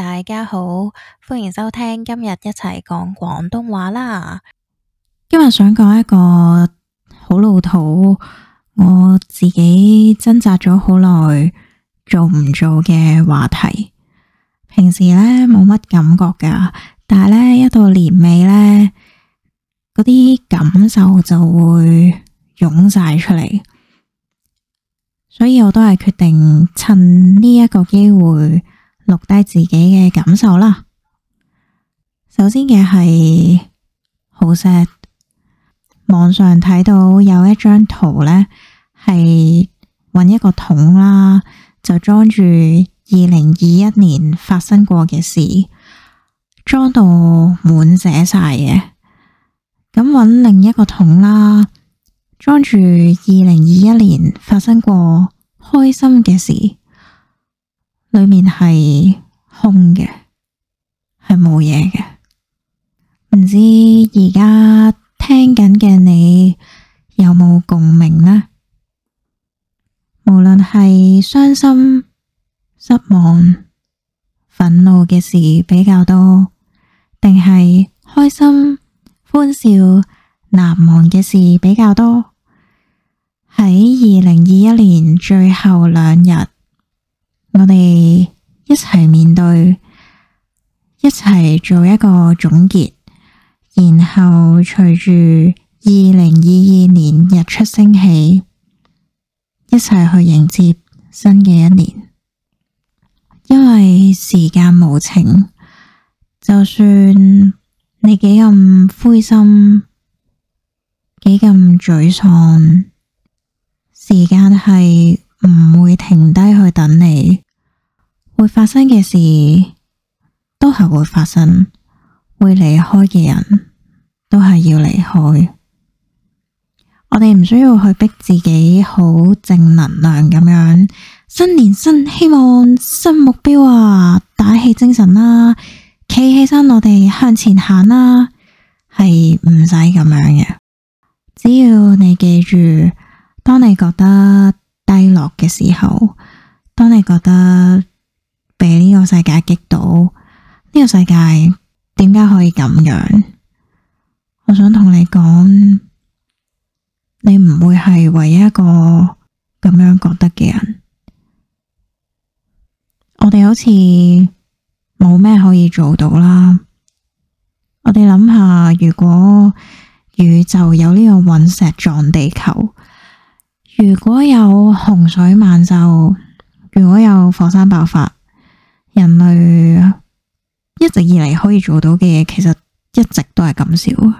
大家好，歡迎收聽今日一齊講廣東話啦。今日想講一個好老土，我自己掙扎咗好耐做唔做嘅話題。平時呢冇乜感覺噶，但係呢一到年尾呢，嗰啲感受就會湧晒出嚟，所以我都係決定趁呢一個機會。錄低自己嘅感受啦。首先嘅係，好 sad，網上睇到有一張圖咧，係搵一個桶啦，就裝住二零二一年發生過嘅事，裝到滿寫晒嘅。咁搵另一個桶啦，裝住二零二一年發生過開心嘅事。裏面係空嘅，係冇嘢嘅。唔知而家聽緊嘅你有冇共鳴呢？無論係傷心、失望、憤怒嘅事比較多，定係開心、歡笑、難忘嘅事比較多？喺二零二一年最後兩日，我哋一齊面對，一齊做一個總結，然後隨住二零二二年日出升起，一齊去迎接新嘅一年。因為時間無情，就算你幾咁灰心，幾咁沮喪，時間係，唔會停低去等你，會發生嘅事都係會發生，會離開嘅人都係要離開。我哋唔需要去逼自己好正能量咁樣，新年新希望新目標啊，打起精神啦、啊，企起身，我哋向前行啦、啊，係唔使咁樣嘅。只要你記住，當你覺得。低落嘅時候，當你覺得被呢個世界激到，呢、這個世界點解可以咁樣？我想同你講，你唔會係唯一一個咁樣覺得嘅人。我哋好似冇咩可以做到啦。我哋諗下，如果宇宙有呢個隕石撞地球。如果有洪水猛獸，如果有火山爆發，人類一直以嚟可以做到嘅嘢，其實一直都係咁少。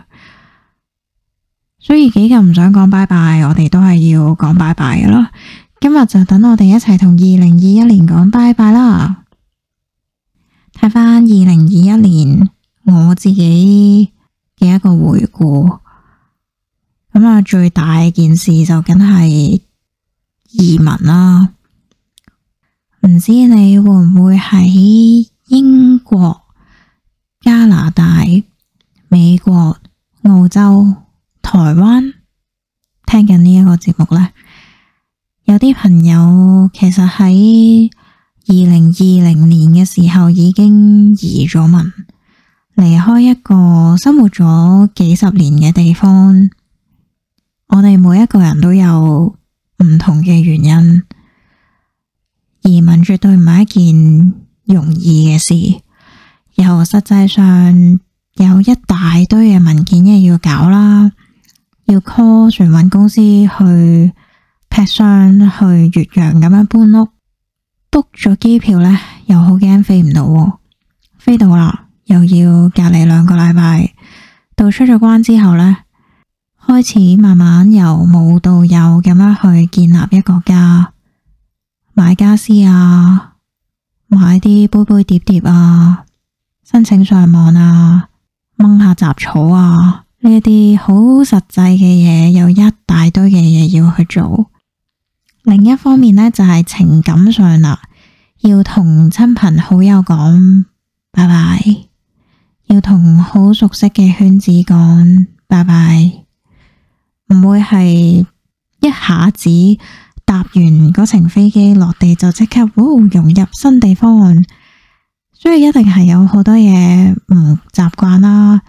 所以幾近唔想講拜拜，我哋都係要講拜拜嘅啦。今日就等我哋一齊同二零二一年講拜拜啦。睇返二零二一年我自己嘅一個回顧。咁啊，最大件事就梗係移民啦。唔知你會唔會喺英國、加拿大、美國、澳洲、台灣聽緊呢一個節目咧？有啲朋友其實喺二零二零年嘅時候已經移咗民，離開一個生活咗幾十年嘅地方。我哋每一個人都有唔同嘅原因，移民絕對唔係一件容易嘅事。又實際上有一大堆嘅文件嘅要搞啦，要 call 船運公司去劈箱去越洋咁樣搬屋，book 咗機票呢，又好驚飛唔到，飛到啦，又要隔離兩個禮拜，到出咗關之後呢。開始慢慢由無到有咁樣去建立一個家，買家私啊，買啲杯杯碟碟啊，申請上網啊，掹下雜草啊，呢一啲好實際嘅嘢，有一大堆嘅嘢要去做。另一方面呢，就係情感上啦，要同親朋好友講拜拜，要同好熟悉嘅圈子講拜拜。唔會係一下子搭完嗰程飛機落地就即刻，哦，融入新地方，所以一定係有好多嘢唔習慣啦。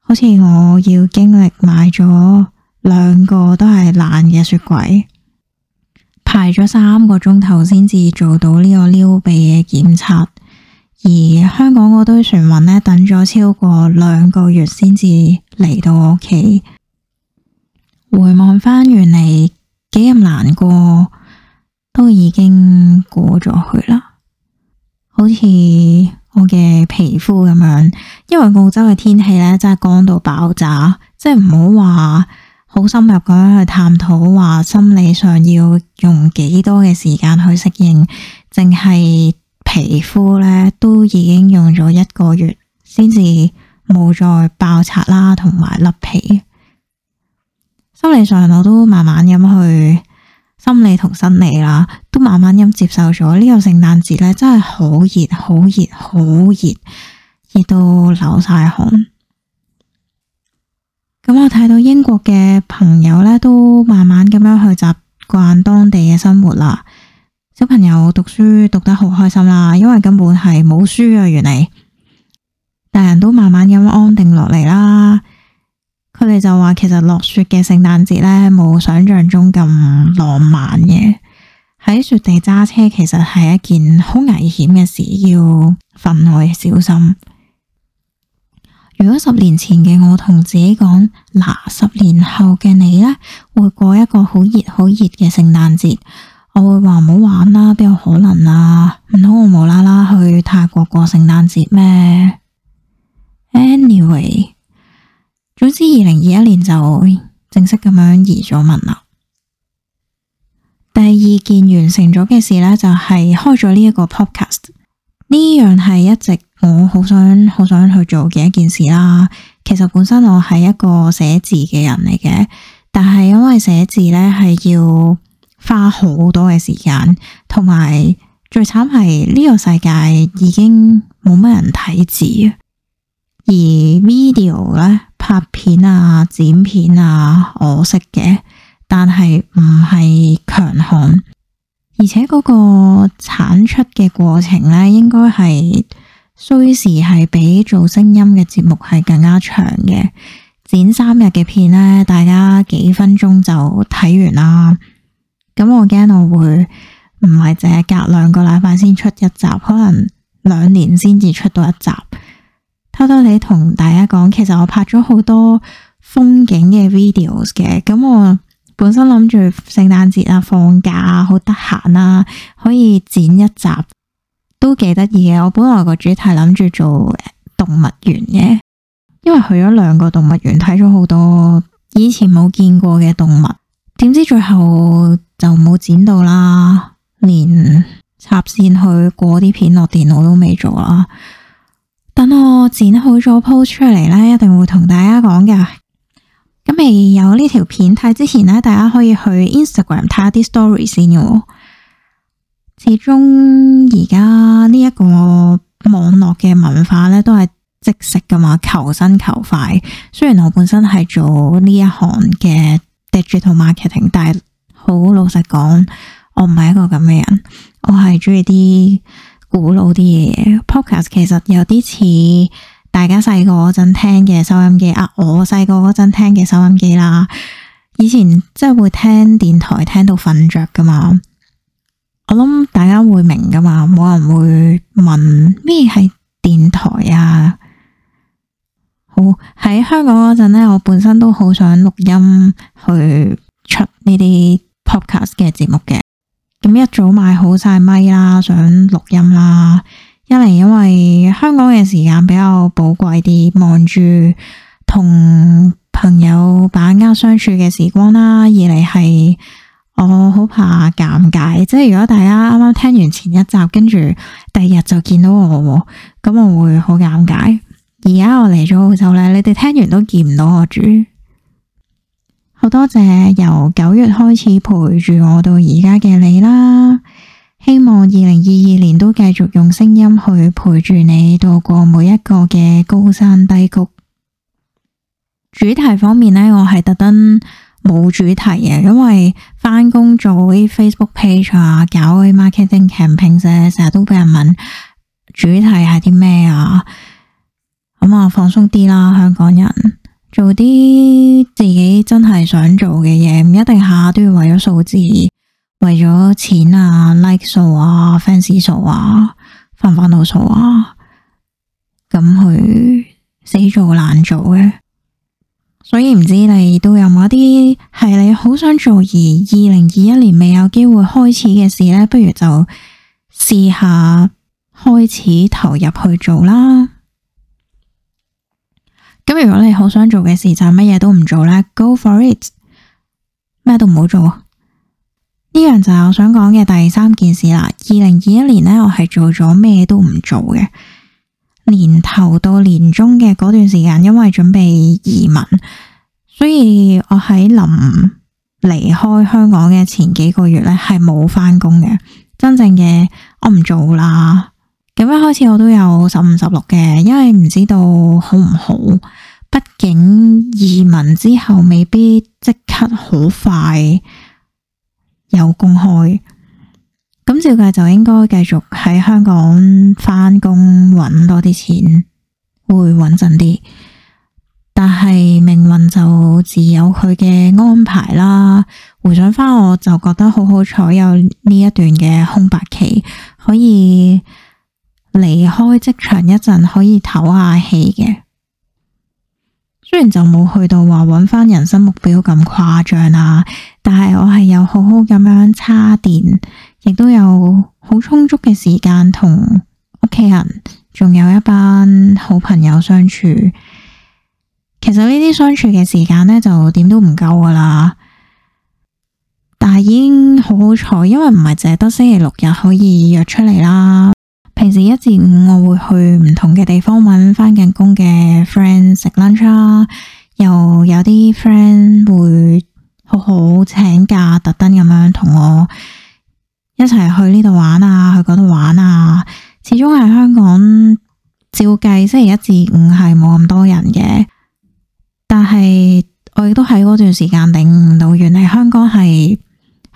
好似我要經歷買咗兩個都係爛嘅雪櫃，排咗三個鐘頭先至做到呢個撩鼻嘅檢測，而香港嗰堆船運呢，等咗超過兩個月先至嚟到我屋企。回望返，原嚟幾咁難過，都已經過咗去啦。好似我嘅皮膚咁樣，因為澳洲嘅天氣咧，真係乾到爆炸，即係唔好話好深入咁樣去探討，話心理上要用幾多嘅時間去適應，淨係皮膚咧都已經用咗一個月，先至冇再爆拆啦，同埋甩皮。心理上我都慢慢咁去心理同生理啦，都慢慢咁接受咗。呢個聖誕節咧真係好熱，好熱，好熱，熱到流晒汗。咁我睇到英國嘅朋友咧都慢慢咁樣去習慣當地嘅生活啦。小朋友讀書讀得好開心啦，因為根本係冇書啊，原嚟，大人都慢慢咁安定落嚟啦。佢哋就話其實落雪嘅聖誕節呢冇，想象中咁浪漫嘅，喺雪地揸車其實係一件好危險嘅事，要分外小心。如果十年前嘅我同自己講嗱，十年後嘅你呢，會過一個好熱好熱嘅聖誕節，我會話唔好玩啦，邊有可能啊？唔通我無啦啦去泰國過聖誕節咩？Anyway。總之，二零二一年就正式咁樣移咗民啦。第二件完成咗嘅事呢，就係開咗呢一個 podcast。呢樣係一直我好想好想去做嘅一件事啦。其實本身我係一個寫字嘅人嚟嘅，但係因為寫字呢係要花好多嘅時間，同埋最慘係呢個世界已經冇乜人睇字。而 video 呢。拍片啊、剪片啊，我識嘅，但係唔係強項，而且嗰個產出嘅過程咧，應該係需時係比做聲音嘅節目係更加長嘅。剪三日嘅片咧，大家幾分鐘就睇完啦。咁我驚我會唔係淨係隔兩個禮拜先出一集，可能兩年先至出到一集。偷偷哋同大家講，其實我拍咗好多風景嘅 videos 嘅。咁我本身諗住聖誕節啊放假啊好得閒啊，可以剪一集都幾得意嘅。我本來個主題諗住做動物園嘅，因為去咗兩個動物園睇咗好多以前冇見過嘅動物，點知最後就冇剪到啦，連插線去過啲片落電腦都未做啦。剪好咗 post 出嚟呢，一定會同大家講嘅。咁未有呢條片睇之前呢，大家可以去 Instagram 睇下啲 story 先。始終而家呢一個網絡嘅文化呢，都係即食噶嘛，求新求快。雖然我本身係做呢一行嘅 digital marketing，但係好老實講，我唔係一個咁嘅人，我係中意啲。古老啲嘢，podcast 其實有啲似大家細個嗰陣聽嘅收音機啊，我細個嗰陣聽嘅收音機啦。以前即係會聽電台聽到瞓着噶嘛，我諗大家會明噶嘛，冇人會問咩係電台啊。好，喺香港嗰陣咧，我本身都好想錄音去出呢啲 podcast 嘅節目嘅。咁一早買好曬咪啦，想錄音啦。一嚟因為香港嘅時間比較寶貴啲，望住同朋友把握相處嘅時光啦。二嚟係我好怕尷尬，即係如果大家啱啱聽完前一集，跟住第二日就見到我，咁我會好尷尬。而家我嚟咗澳洲咧，你哋聽完都見唔到我住，知？多謝由九月開始陪住我到而家嘅你啦，希望二零二二年都繼續用聲音去陪住你度過每一個嘅高山低谷。主題方面呢，我係特登冇主題嘅，因為返工做啲 Facebook page 啊，搞啲 marketing campaign 啊，成日都俾人問主題係啲咩啊，咁啊放鬆啲啦，香港人。做啲自己真係想做嘅嘢，唔一定下下都要為咗數字、為咗錢啊、like 數啊、fans 數、like、啊、翻唔翻到數啊，咁去、啊、死做難做嘅。所以唔知你都有冇一啲係你好想做而二零二一年未有機會開始嘅事咧，不如就試下開始投入去做啦。咁如果你好想做嘅事就乜嘢都唔做啦，Go for it，咩都唔好做。呢樣就係我想講嘅第三件事啦。二零二一年咧，我係做咗咩都唔做嘅，年頭到年中嘅嗰段時間，因為準備移民，所以我喺臨離開香港嘅前幾個月咧係冇返工嘅，真正嘅我唔做啦。咁一開始我都有十五十六嘅，因為唔知道好唔好，畢竟移民之後未必即刻好快有公開。咁照計就應該繼續喺香港翻工，揾多啲錢會穩陣啲。但係命運就自有佢嘅安排啦。回想翻，我就覺得好好彩有呢一段嘅空白期可以。離開職場一陣可以唞下氣嘅，雖然就冇去到話搵翻人生目標咁誇張啦，但係我係有好好咁樣叉電，亦都有好充足嘅時間同屋企人，仲有一班好朋友相處。其實呢啲相處嘅時間呢，就點都唔夠噶啦，但係已經好好彩，因為唔係淨係得星期六日可以約出嚟啦。平時一至五我會去唔同嘅地方揾翻緊工嘅 friend 食 lunch 啦，又有啲 friend 會好好請假，特登咁樣同我一齊去呢度玩啊，去嗰度玩啊。始終喺香港照計，星期一至五係冇咁多人嘅，但係我亦都喺嗰段時間頂唔到，原來香港係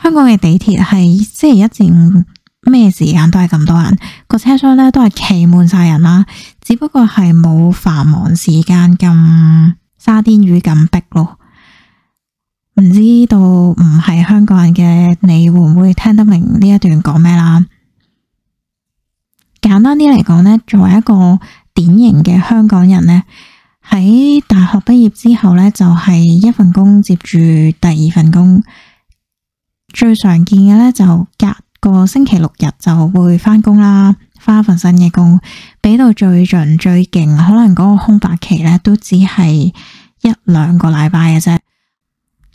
香港嘅地鐵係星期一至五，咩時間都係咁多人，個車廂咧都係企滿晒人啦，只不過係冇繁忙時間咁沙甸魚咁逼咯。唔知道唔係香港人嘅你會唔會聽得明呢一段講咩啦？簡單啲嚟講呢，作為一個典型嘅香港人呢，喺大學畢業之後呢，就係一份工接住第二份工，最常見嘅呢，就隔、是。個星期六日就會翻工啦，翻一份新嘅工，俾到最盡最勁，可能嗰個空白期呢，都只係一兩個禮拜嘅啫。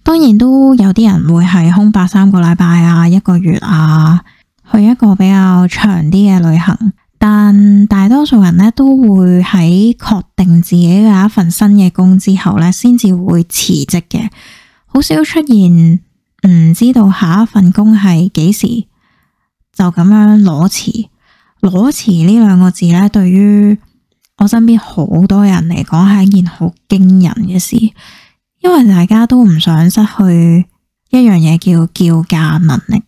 當然都有啲人會係空白三個禮拜啊，一個月啊，去一個比較長啲嘅旅行。但大多數人呢，都會喺確定自己嘅一份新嘅工之後呢，先至會辭職嘅。好少出現唔知道下一份工係幾時。就咁樣裸辭，裸辭呢兩個字呢，對於我身邊好多人嚟講係一件好驚人嘅事，因為大家都唔想失去一樣嘢，叫叫價能力。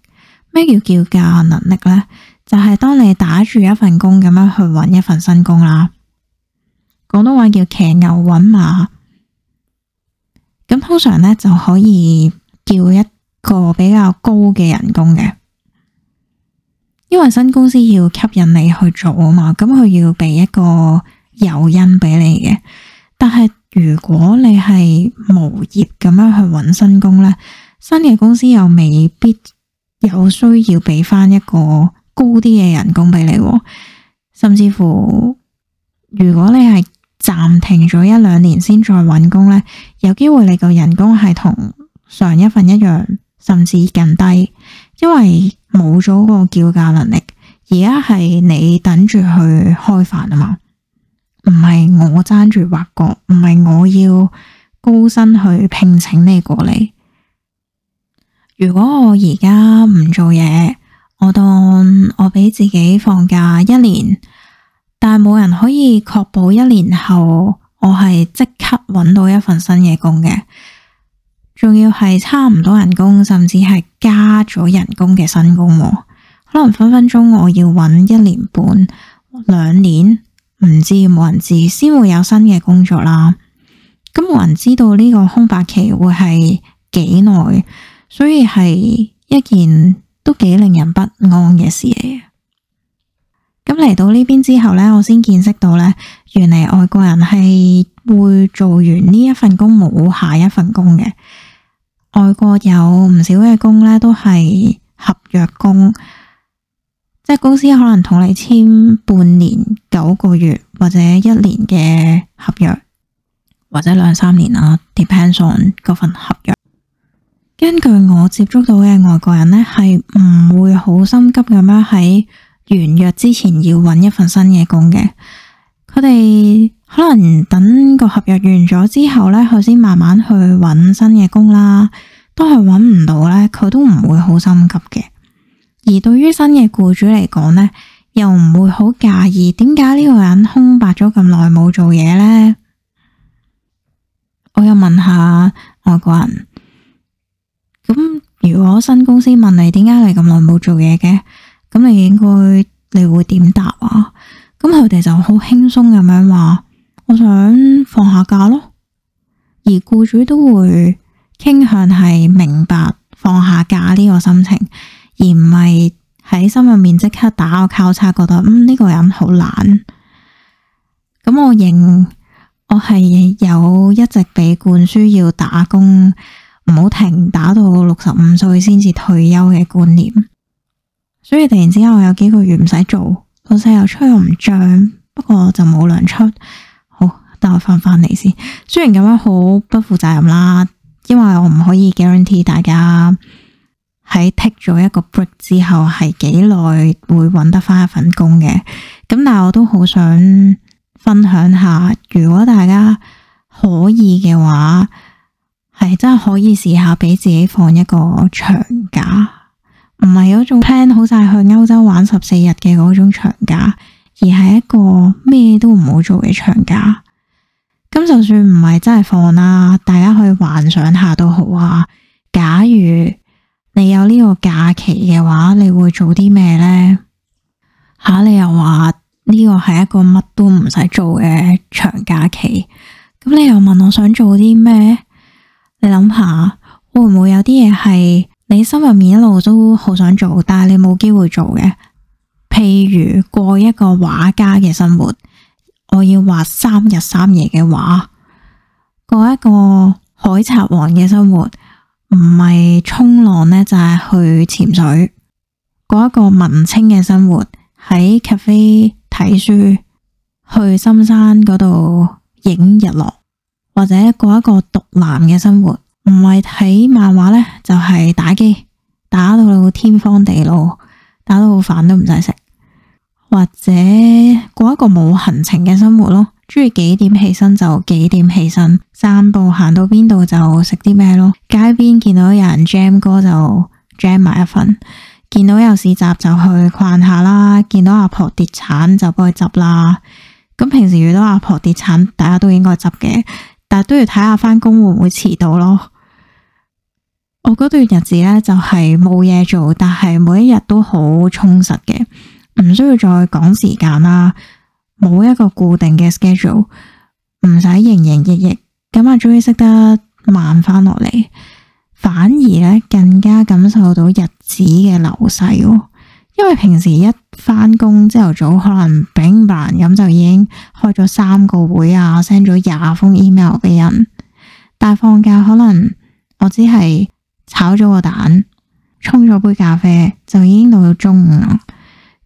咩叫叫價能力呢？就係當你打住一份工咁樣去揾一份新工啦，廣東話叫騎牛揾馬。咁通常呢就可以叫一個比較高嘅人工嘅。因為新公司要吸引你去做啊嘛，咁佢要俾一個誘因俾你嘅。但係如果你係無業咁樣去搵新工呢，新嘅公司又未必有需要俾翻一個高啲嘅人工俾你，甚至乎如果你係暫停咗一兩年先再搵工呢，有機會你個人工係同上一份一樣，甚至更低，因為。冇咗個叫價能力，而家係你等住去開飯啊嘛，唔係我爭住挖角，唔係我要高薪去聘請你過嚟。如果我而家唔做嘢，我當我俾自己放假一年，但係冇人可以確保一年後我係即刻揾到一份新嘢工嘅。仲要係差唔多人工，甚至係加咗人工嘅新工，可能分分鐘我要搵一年半、兩年，唔知冇人知先會有新嘅工作啦。咁冇人知道呢個空白期會係幾耐，所以係一件都幾令人不安嘅事嚟。咁嚟到呢邊之後呢，我先見識到呢，原嚟外國人係會做完呢一份工冇下一份工嘅。外國有唔少嘅工咧，都係合約工，即係公司可能同你簽半年、九個月或者一年嘅合約，或者兩三年啦，depend on 嗰份合約。根據我接觸到嘅外國人咧，係唔會好心急咁樣喺完約之前要搵一份新嘅工嘅，佢哋。可能等個合約完咗之後咧，佢先慢慢去搵新嘅工啦。都係搵唔到咧，佢都唔會好心急嘅。而對於新嘅僱主嚟講咧，又唔會好介意點解呢個人空白咗咁耐冇做嘢。咧。我又問下外國人咁，如果新公司問你點解你咁耐冇做嘢嘅，咁你應該你會點答啊？咁佢哋就好輕鬆咁樣話。我想放下假咯，而僱主都會傾向係明白放下假呢個心情，而唔係喺心入面即刻打個交叉，覺得嗯，呢個人好懶。咁我認我係有一直被灌輸要打工唔好停，打到六十五歲先至退休嘅觀念。所以突然之間我有幾個月唔使做，老細又吹我唔漲，不過就冇糧出。等我翻返嚟先，雖然咁樣好不負責任啦，因為我唔可以 guarantee 大家喺 take 咗一個 break 之後係幾耐會揾得翻一份工嘅。咁，但係我都好想分享下，如果大家可以嘅話，係真係可以試下俾自己放一個長假，唔係嗰種 plan 好晒去歐洲玩十四日嘅嗰種長假，而係一個咩都唔好做嘅長假。咁就算唔係真係放啦，大家去幻想下都好啊。假如你有呢個假期嘅話，你會做啲咩呢？吓、啊，你又話呢、呢個係一個乜都唔使做嘅長假期。咁你又問我想做啲咩？你諗下，會唔會有啲嘢係你心入面一路都好想做，但係你冇機會做嘅？譬如過一個畫家嘅生活。我要畫三日三夜嘅畫，過一個海賊王嘅生活，唔係衝浪呢，就係去潛水，過一個文青嘅生活，喺 cafe 睇書，去深山嗰度影日落，或者過一個獨男嘅生活，唔係睇漫畫呢，就係打機，打到天荒地老，打到飯都唔使食。或者過一個冇行程嘅生活咯，中意幾點起身就幾點起身，散步行到邊度就食啲咩咯。街邊見到有人 jam 歌就 jam 埋一份，見到有市集就去逛下啦。見到阿婆跌鏟就幫佢執啦。咁平時遇到阿婆跌鏟，大家都應該執嘅，但係都要睇下返工會唔會遲到咯。我嗰段日子呢，就係冇嘢做，但係每一日都好充實嘅。唔需要再趕時間啦，冇一個固定嘅 schedule，唔使營營役役，咁啊，終於識得慢翻落嚟，反而咧更加感受到日子嘅流逝。因為平時一翻工，朝頭早可能 bing bang 咁就已經開咗三個會啊，send 咗廿封 email 俾人。但係放假可能我只係炒咗個蛋，沖咗杯咖啡，就已經到咗中午。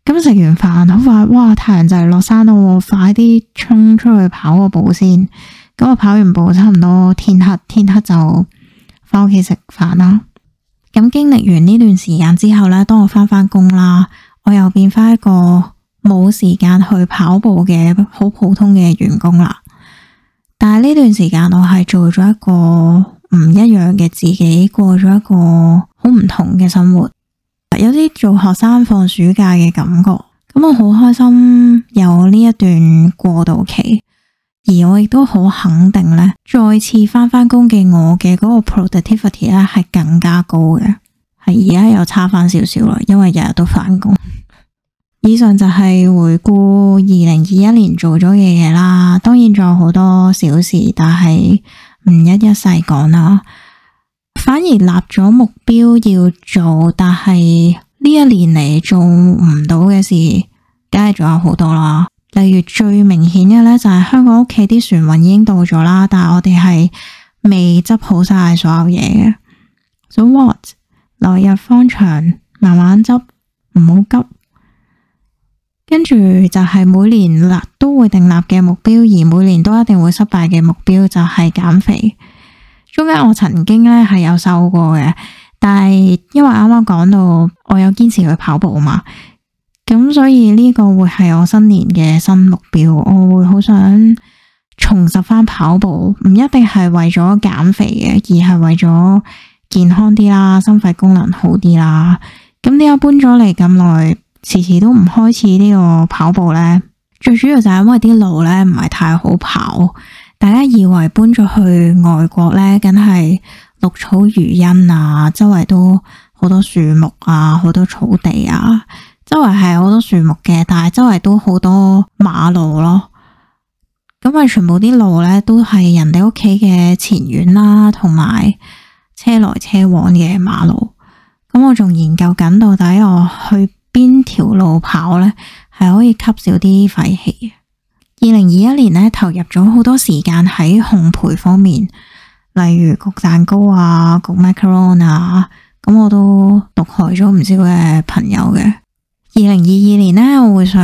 咁食完飯，好快，哇！太陽就嚟落山咯，我快啲衝出去跑個步先。咁我跑完步，差唔多天黑，天黑就翻屋企食飯啦。咁經歷完呢段時間之後咧，當我翻返工啦，我又變翻一個冇時間去跑步嘅好普通嘅員工啦。但係呢段時間，我係做咗一個唔一樣嘅自己，過咗一個好唔同嘅生活。有啲做學生放暑假嘅感覺，咁我好開心有呢一段過渡期，而我亦都好肯定呢，再次翻翻工嘅我嘅嗰個 productivity 咧，係更加高嘅，係而家又差翻少少啦，因為日日都返工。以上就係回顧二零二一年做咗嘅嘢啦，當然仲有好多小事，但係唔一一細講啦。反而立咗目標要做，但係呢一年嚟，做唔到嘅事，梗係仲有好多啦。例如最明顯嘅呢，就係香港屋企啲船運已經到咗啦，但係我哋係未執好晒所有嘢嘅。So what？來日方長，慢慢執，唔好急。跟住就係每年立都會訂立嘅目標，而每年都一定會失敗嘅目標就係減肥。中間我曾經咧係有瘦過嘅，但係因為啱啱講到我有堅持去跑步啊嘛，咁所以呢個會係我新年嘅新目標，我會好想重拾翻跑步，唔一定係為咗減肥嘅，而係為咗健康啲啦，心肺功能好啲啦。咁點解搬咗嚟咁耐，遲遲都唔開始呢個跑步咧？最主要就係因為啲路咧唔係太好跑。大家以為搬咗去外國呢，梗係綠草如茵啊，周圍都好多樹木啊，好多草地啊，周圍係好多樹木嘅，但係周圍都好多馬路咯。咁啊，全部啲路呢，都係人哋屋企嘅前院啦，同埋車來車往嘅馬路。咁我仲研究緊到底我去邊條路跑呢，係可以吸少啲廢氣。二零二一年呢，投入咗好多時間喺烘焙方面，例如焗蛋糕啊、焗 macaron 啊，咁我都毒害咗唔少嘅朋友嘅。二零二二年呢，我會想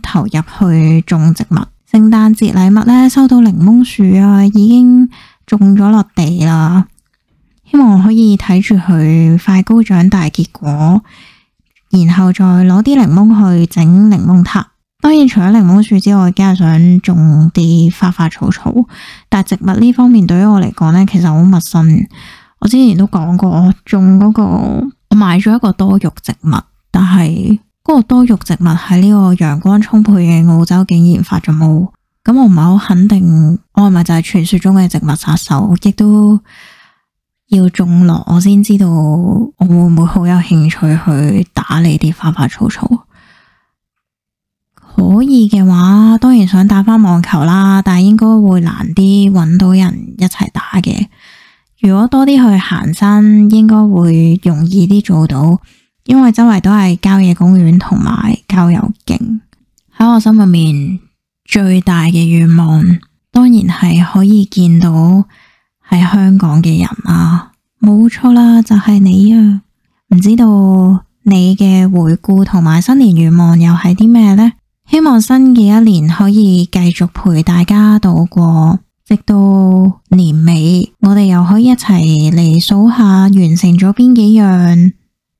投入去種植物。聖誕節禮物呢，收到檸檬樹啊，已經種咗落地啦，希望可以睇住佢快高長大結果，然後再攞啲檸檬去整檸檬塔。當然，除咗檸檬樹之外，梗係想種啲花花草草。但係植物呢方面對於我嚟講咧，其實好陌生。我之前都講過，種、嗰個我買咗一個多肉植物，但係嗰個多肉植物喺呢個陽光充沛嘅澳洲竟然發咗毛，咁我唔係好肯定，我係咪就係傳說中嘅植物殺手？亦都要種落，我先知道我會唔會好有興趣去打理啲花花草草。可以嘅話，當然想打返網球啦，但係應該會難啲揾到人一齊打嘅。如果多啲去行山，應該會容易啲做到，因為周圍都係郊野公園同埋郊遊徑。喺我心入面最大嘅願望，當然係可以見到係香港嘅人啊，冇錯啦，就係你啊。唔知道你嘅回顧同埋新年願望又係啲咩呢？希望新嘅一年可以繼續陪大家度過，直到年尾，我哋又可以一齊嚟數下完成咗邊幾樣，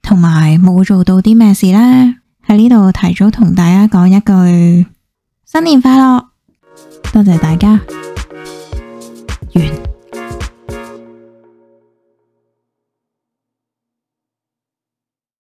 同埋冇做到啲咩事呢。喺呢度提早同大家講一句新年快樂，多謝大家。完。